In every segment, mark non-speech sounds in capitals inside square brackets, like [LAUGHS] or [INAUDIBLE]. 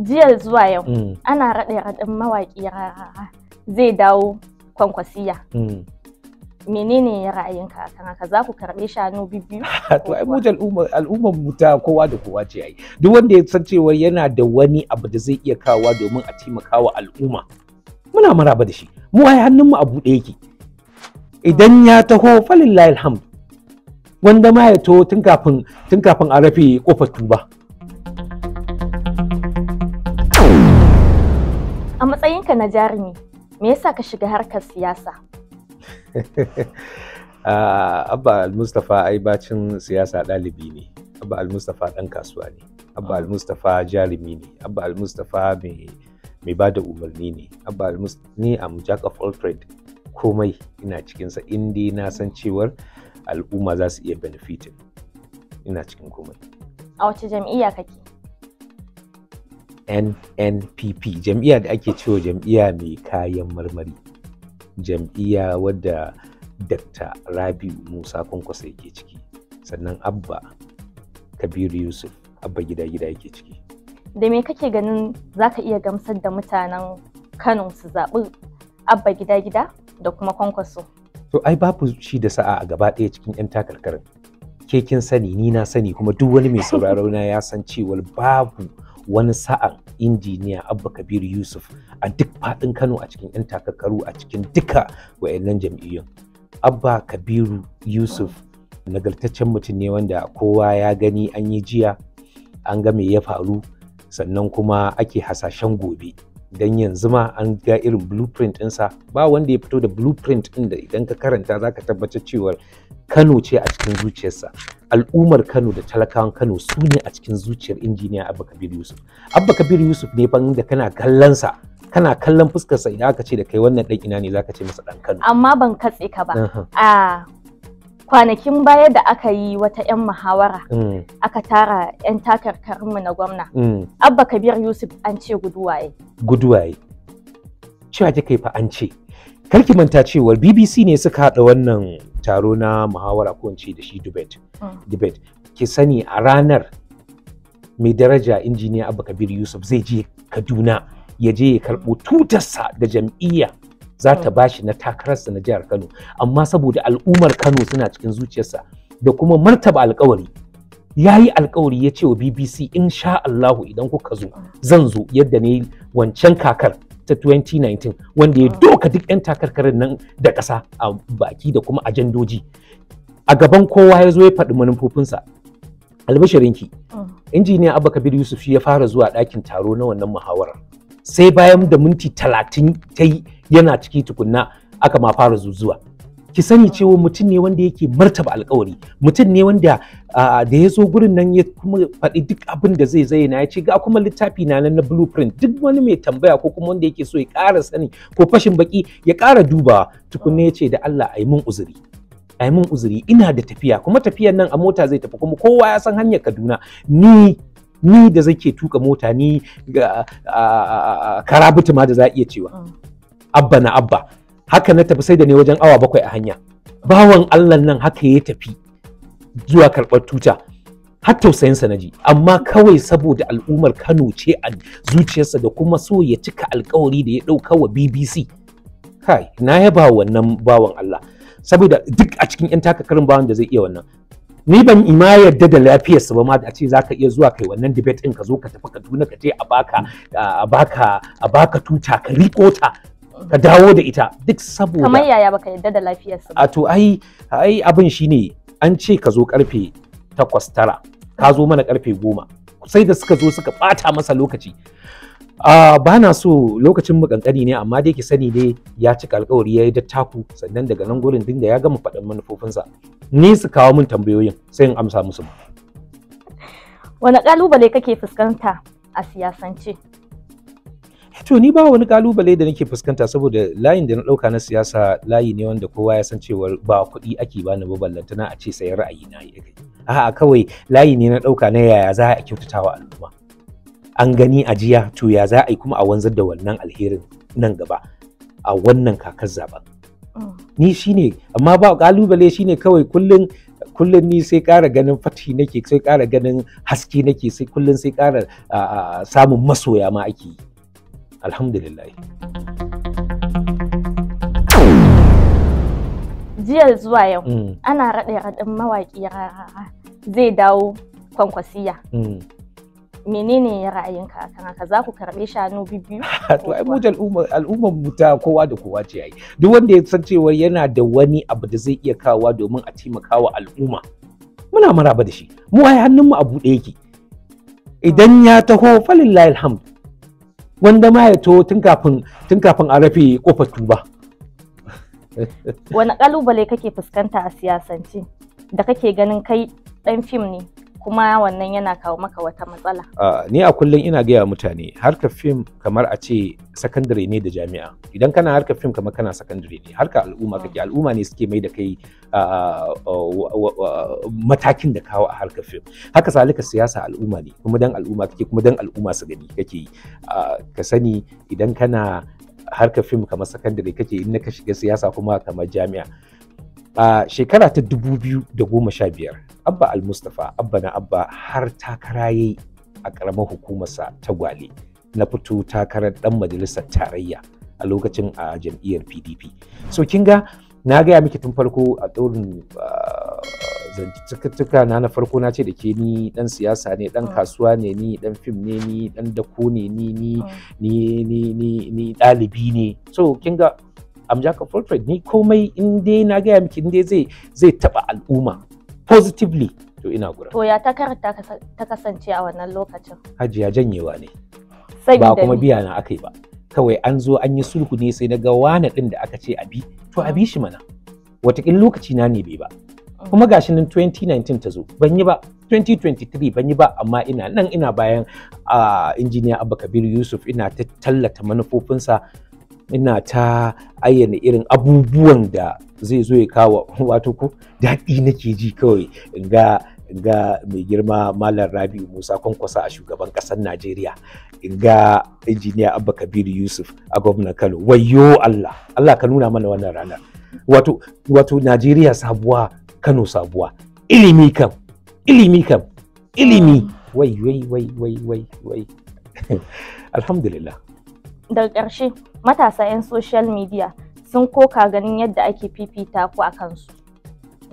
jiya zuwa yau mm. ana raɗe raɗin mawaƙi Rara zai dawo kwankwasiya mm. menene ya ra'ayinka kan haka za ku karɓe shanu biyu [LAUGHS] to ai kowa da kowa ce ai duk wanda ya san cewa yana da wani abu da zai iya kawo domin a taimakawa al'umma muna maraba da shi mu ai hannun mu a buɗe yake idan ya taho falillahi alhamd wanda ma ya to tun kafin tun kafin a rafe kofar tuba A matsayinka na jarumi, me yasa ka shiga harkar siyasa? [LAUGHS] Ah, Abba Al-Mustapha ai bacin siyasa dalibi ne. Abba Al-Mustapha ɗan kasuwa ne. Abba ah. Al-Mustapha jarumi ne. Abba Al-Mustapha mai ba da umarni ne. Abba al mustafa am jack of all trade. Komai ina cikinsa indi na san cewar al'umma za su iya benefitin. Ina cikin komai. A wace jam'iyya kake? nnpp jam'iyya da ake cewa jam'iyya mai kayan marmari jam'iyya wadda dr Rabi musa kwankwasa yake ciki sannan abba kabiru yusuf abba gida gida yake ciki da me kake ganin za ka iya gamsar da mutanen kano su zaɓi abba gida gida da kuma kwankwaso to ai babu shi da sa'a a gaba ɗaya cikin 'yan takarkarin ke sani ni na sani kuma duk wani mai sauraro na ya san cewa babu wani sa'ar injiniya abba Kabiru yusuf a duk faɗin kano a cikin 'yan takakaru a cikin duka wayannan jam'iyyun abba kabiru yusuf nagartaccen mutum ne wanda kowa ya gani an yi jiya an ga me ya faru sannan kuma ake hasashen gobe don yanzu ma an ga irin blueprint ɗinsa ba wanda ya fito da blueprint ɗin da idan ka karanta za ka tabbatar cewar kano ce a cikin zuciyarsa al'ummar Kano da talakawan Kano su ne a cikin zuciyar injiniya Abba Kabir Yusuf. Abba Kabir Yusuf ne ban da kana kallonsa kana kallon fuskarsa idan aka ce da kai wannan ɗan ina ne zaka ce masa ɗan Kano. Amma ban katse ka ba. A kwanakin baya da aka yi wata 'yan muhawara mm. aka tara 'yan takarkarinmu na gwamna. Mm. Abba Kabir Yusuf an ce guduwaye. Guduwaye. Cewa kai fa an ce. Karki manta cewar BBC ne suka haɗa wannan taro na muhawara ko ce da shi debate hmm. debate ki sani a ranar mai daraja injiniya abu Kabir Yusuf zai je Kaduna ya je ya karɓo tutarsa da jam'iyya za ta hmm. bashi na takararsa na jihar Kano amma saboda al'ummar Kano suna cikin zuciyarsa da kuma martaba alkawari ya yi alkawari ya ce wa BBC in Allahu idan kuka zo hmm. zan zo yadda ne wancan kakar ta 2019 wanda ya doka duk 'yan takarkarin nan da ƙasa a baki da kuma ajandoji a gaban kowa ya zo ya faɗi manufofinsa albashirinki oh. injiniya abba kabir yusuf shi ya fara zuwa ɗakin taro na wannan muhawarar sai bayan da minti talatin ta yi yana ciki tukunna aka ma fara zuzuwa ki sani cewa mutum ne wanda yake martaba alkawari mutum ne wanda da ya zo gurin nan ya kuma faɗi duk abin da zai zayyana ya ce ga kuma littafi na nan na blueprint duk wani mai tambaya ko kuma wanda yake so ya ƙara sani ko fashin baki ya ƙara duba tukunna ya ce da Allah a yi min uzuri a yi min uzuri ina da tafiya kuma tafiyan nan a mota zai tafi kuma kowa ya san hanyar Kaduna ni ni da zake tuka mota ni ga karabutu ma da za a iya cewa mm. abba na abba haka na tafi sai da ne wajen awa bakwai a hanya bawan Allah nan haka ya tafi zuwa karbar tuta har tausayinsa na ji amma kawai saboda al'ummar Kano ce a zuciyarsa da kuma so ya cika alkawari da ya ɗauka wa BBC kai na yaba wannan bawan Allah saboda duk a cikin 'yan takakarin bawan da zai iya wannan ni ban ima yadda da lafiyarsa ba ma da ce zaka iya zuwa kai wannan debate din ka zo ka tafi ka tuna ka je a baka a baka a baka tuta ka riko ka dawo da ita duk saboda kamar yaya baka yadda da lafiyarsa a to ai ai abin shine an ce ka zo karfe takwas tara ka zo mana karfe goma sai da suka zo suka bata masa lokaci Uh, ba na so lokacin mu kankani ne amma dai ki sani ne ya cika alkawari ya yi dattaku sannan daga nan gurin dinga ya gama faɗin manufofinsa ni su kawo min tambayoyin sai in amsa musu wani kalubale kake fuskanta a siyasance to ni ba wani kalubale da nake fuskanta saboda layin da na ɗauka na siyasa layi ne wanda kowa ya san cewa ba kuɗi ake bani ba ballantana a ce sayar ra'ayi na yi a'a kawai layi ne na ɗauka na yaya za a wa al'umma an gani a jiya to ya za a yi kuma a wanzar da wannan alherin nan gaba a wannan kakar zaben ni shine amma ba kalubale shine kawai kullun kullun ni sai ƙara ganin fati nake sai ƙara ganin haske nake sai kullun sai ƙara samun masoya ma ake yi alhamdulillah jiya zuwa yau mm. ana raɗe raɗin mawaƙi rarara zai dawo kwankwasiya mm. menene ya ra'ayinka kan haka za ku karɓe shanu biyu [LAUGHS] to ai mutan al'ummar kowa da kowa ce ai duk wanda ya san cewa yana da wani abu da zai iya kawo domin a taimakawa al'umma muna maraba da shi mu ai hannun mu a buɗe yake idan ya taho falillahi alhamd wanda ma ya to tun kafin tun kafin a rafi kofar tuba wani kalubale kake fuskanta a siyasance da kake ganin kai dan fim ne kuma wannan yana kawo maka wata matsala. ni a kullum ina gaya mutane harka fim kamar a ce sakandare ne da jami'a idan kana harka fim kamar kana sakandare ne harka al'umma kake mm. al'umma ne suke mai da kai matakin da kawo a harka fim haka salika siyasa al'umma ne kuma dan al'umma kake kuma dan al'umma su gani kake ka sani idan kana harkar fim kamar sakandare kake in ka shiga siyasa kuma kamar jami'a a shekara ta 2015 abba al-mustapha abba na abba har takara yi a ƙaramar hukumarsa ta gwale na fito takarar ɗan majalisar tarayya a lokacin a jam'iyyar pdp so kin ga na gaya miki tun farko a tsorin ah, zantattuka na na farko na ce da ke ni dan siyasa ne dan mm. kasuwa ne ni dan fim ne ni dan dako ne ni ni mm. ni ne so kin ga amjaka portrait ni komai in dai na gaya miki in dai zai zai taɓa al'umma positively to ina to ya takarar ta kasance a wannan lokacin hajiya janyewa ne ba kuma biya na akai ba kawai an zo an yi sulhu ne sai na ga wani ɗin da aka ce abi to abi shi mana watakin lokaci na ne bai ba mm. kuma gashi nan 2019 ta zo ban yi ba 2023 ban yi ba amma ina nan ina bayan a ah, injiniya abba kabir yusuf ina ta tallata manufofinsa ina ta ayyana irin abubuwan da zai zo ya kawo wato ko daɗi nake ji kawai ga ga mai girma malam Rabi musa kwankwasa a shugaban ƙasar najeriya ga injiniya abba kabiru yusuf a gwamnan kano wayo allah allah ka nuna mana wannan ranar wato najeriya sabuwa kano sabuwa ilimi kam ilimi kam ilimi wai wai wai wai wai [LAUGHS] alhamdulillah daga ƙarshe matasa 'yan social media sun koka ganin yadda ake fifita ku a kansu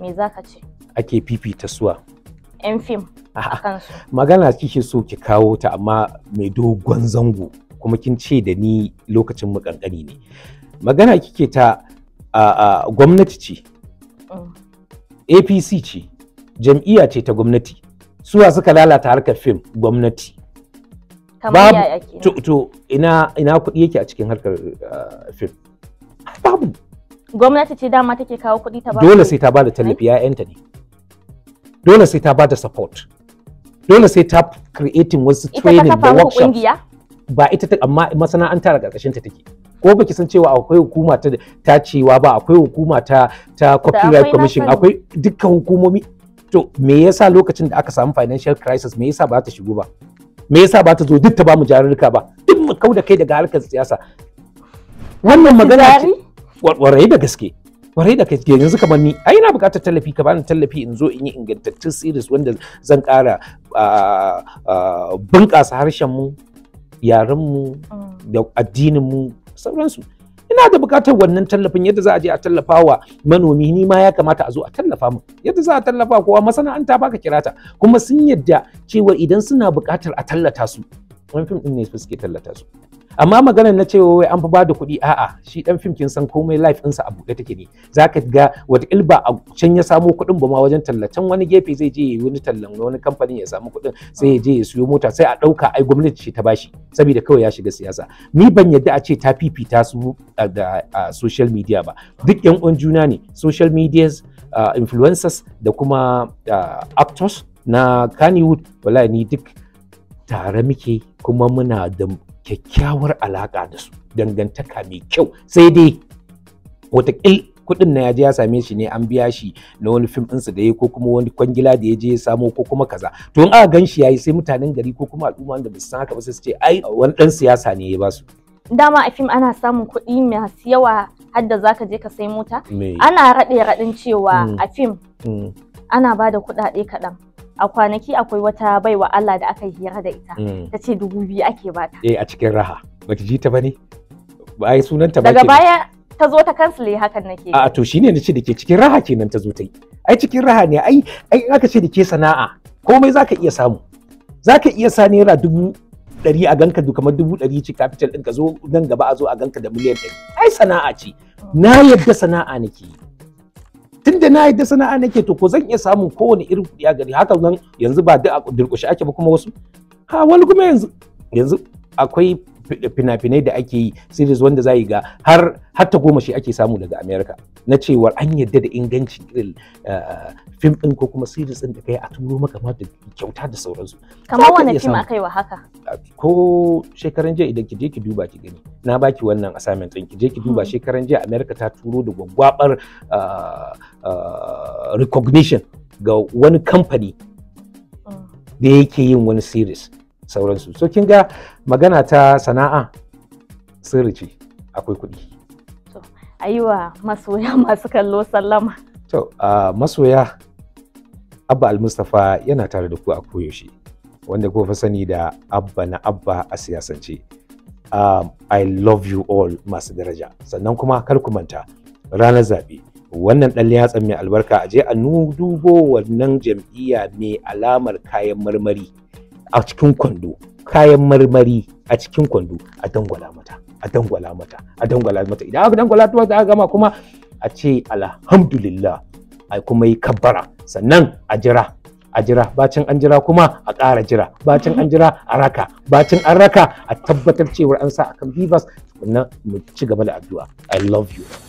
me za ka ce ake fifita suwa 'yan fim a kansu magana kike so ki kawo ta amma mai dogon zango kuma kin ce da ni lokacin mu kankani ne magana kike ta gwamnati ce mm. apc ce jam'iyya ce ta gwamnati suwa suka lalata harkar fim gwamnati kamar yaya to to ina ina kuɗi yake a cikin harkar ah, fim babu gwamnati ce dama take kawo kuɗi ta ba dole sai ta bada tallafi eh? ya yanta ne dole sai ta bada support dole sai ta creating wasu training da workshops ba ita ta amma masana'anta da karkashin ta take ko baki san cewa akwai hukuma ta ta cewa ba akwai hukuma ta ta copyright commission akwai dukkan hukumomi to me yasa lokacin da aka samu financial crisis me yasa ba ta shigo ba me yasa ba ta zo duk ta bamu mu jarurruka ba duk mu kauda kai daga harkar siyasa wannan magana ce warai da gaske warai da gaske yanzu kamar ni ai ina buƙatar tallafi ka bani tallafi in zo in yi ingantattun series wanda zan ƙara bunƙasa harshen mu yaren mu mm. da addinin mu sauransu ina da bukatar wannan tallafin yadda za a je a tallafa wa manomi ni ma ya kamata a zo a tallafa mu. yadda za a tallafa kowa masana'anta baka kira ta kuma sun yadda cewa idan suna bukatar a tallata su wani fim ɗin ne suke tallata su amma maganar na cewa wai an fi ba da kuɗi a'a shi dan fim kin san komai life ɗinsa a buɗe take ne zaka ga wata ilba a can ya samo kuɗin ba ma wajen tallacen wani gefe zai je wani tallan wani kamfanin ya samu kuɗin sai ya je ya siyo mota sai a ɗauka ai gwamnati ce ta bashi saboda kawai ya shiga siyasa ni ban yadda a ce ta fifita su da social media ba duk yan uwan juna ne social medias influencers da kuma actors na Kannywood wallahi ni duk tare muke kuma muna da kyakkyawar alaƙa da su dangantaka mai kyau sai dai watakil kuɗin na ya ya same shi ne an biya shi na wani fim ɗinsa da ya ko kuma wani kwangila da ya je ya samo ko kuma kaza to in aka gan shi yayi sai mutanen gari ko kuma al'umma da ba su san haka ba sai su ce ai wani ɗan siyasa ne ya ba su dama a fim ana samun kuɗi masu yawa har da zaka je ka sai mota ana raɗe raɗin cewa mm. a fim mm. ana ba da kuɗaɗe kaɗan a kwanaki akwai wata baiwa Allah da aka hira da ita mm. ta ce dubu biyu ake bata eh a cikin raha baki ji ta bane ai sunan ta daga baya ta zo ta kansile hakan nake a to shine nace da ke cikin raha kenan ta zo ta yi ai cikin raha ne ai ai aka ce da ke sana'a komai zaka iya samu zaka iya sa naira dubu ɗari a ganka kamar dubu ɗari ci capital ɗin ka zo nan gaba a zo a ganka da miliyan ɗari ai sana'a ce na yadda sana'a nake yi da na yi da sana'a nake to ko zan iya samun kowane irin kuɗi a gari haka zan yanzu ba da durƙushe ake ba kuma wasu ha wani kuma yanzu yanzu akwai fina-finai da ake yi series wanda za yi ga har har goma shi ake samu daga America na cewar an yadda da ingancin irin eh, fim ɗin ko kuma series ɗin da kai a turo maka ma da kyauta da sauransu. Kamar wani fim akai wa haka? Ko shekaran jiya idan ki je ki duba ki gani na baki wannan assignment din ki je ki duba hmm. shekaran jiya America ta turo da gwaggwabar eh, eh, recognition ga wani kamfani hmm. da yake yin wani series sauransu. So kin ga magana ta sana'a sirri ce akwai kuɗi. a wa masoya [LAUGHS] masu kallo sallama. To, masoya Abba Al-Mustapha yana tare da ku a koyaushe, wanda kuma fa sani da Abba na Abba a siyasance. I love you all masu daraja. Sannan kuma kar ku manta ranar zaɓe. Wannan ɗan yatsan mai albarka a je a dubo wannan jam'iyya mai alamar kayan marmari. a cikin kwando kayan marmari a cikin kwando a dangwala mata a dangwala mata a dangwala mata idan aka dangwala mata aka gama kuma a ce alhamdulillah a kuma yi kabbara sannan a jira a jira bacin an jira kuma a ƙara jira bacin an jira a raka bacin an raka a tabbatar cewar an sa akan bivas sannan mu ci gaba da addu'a i love you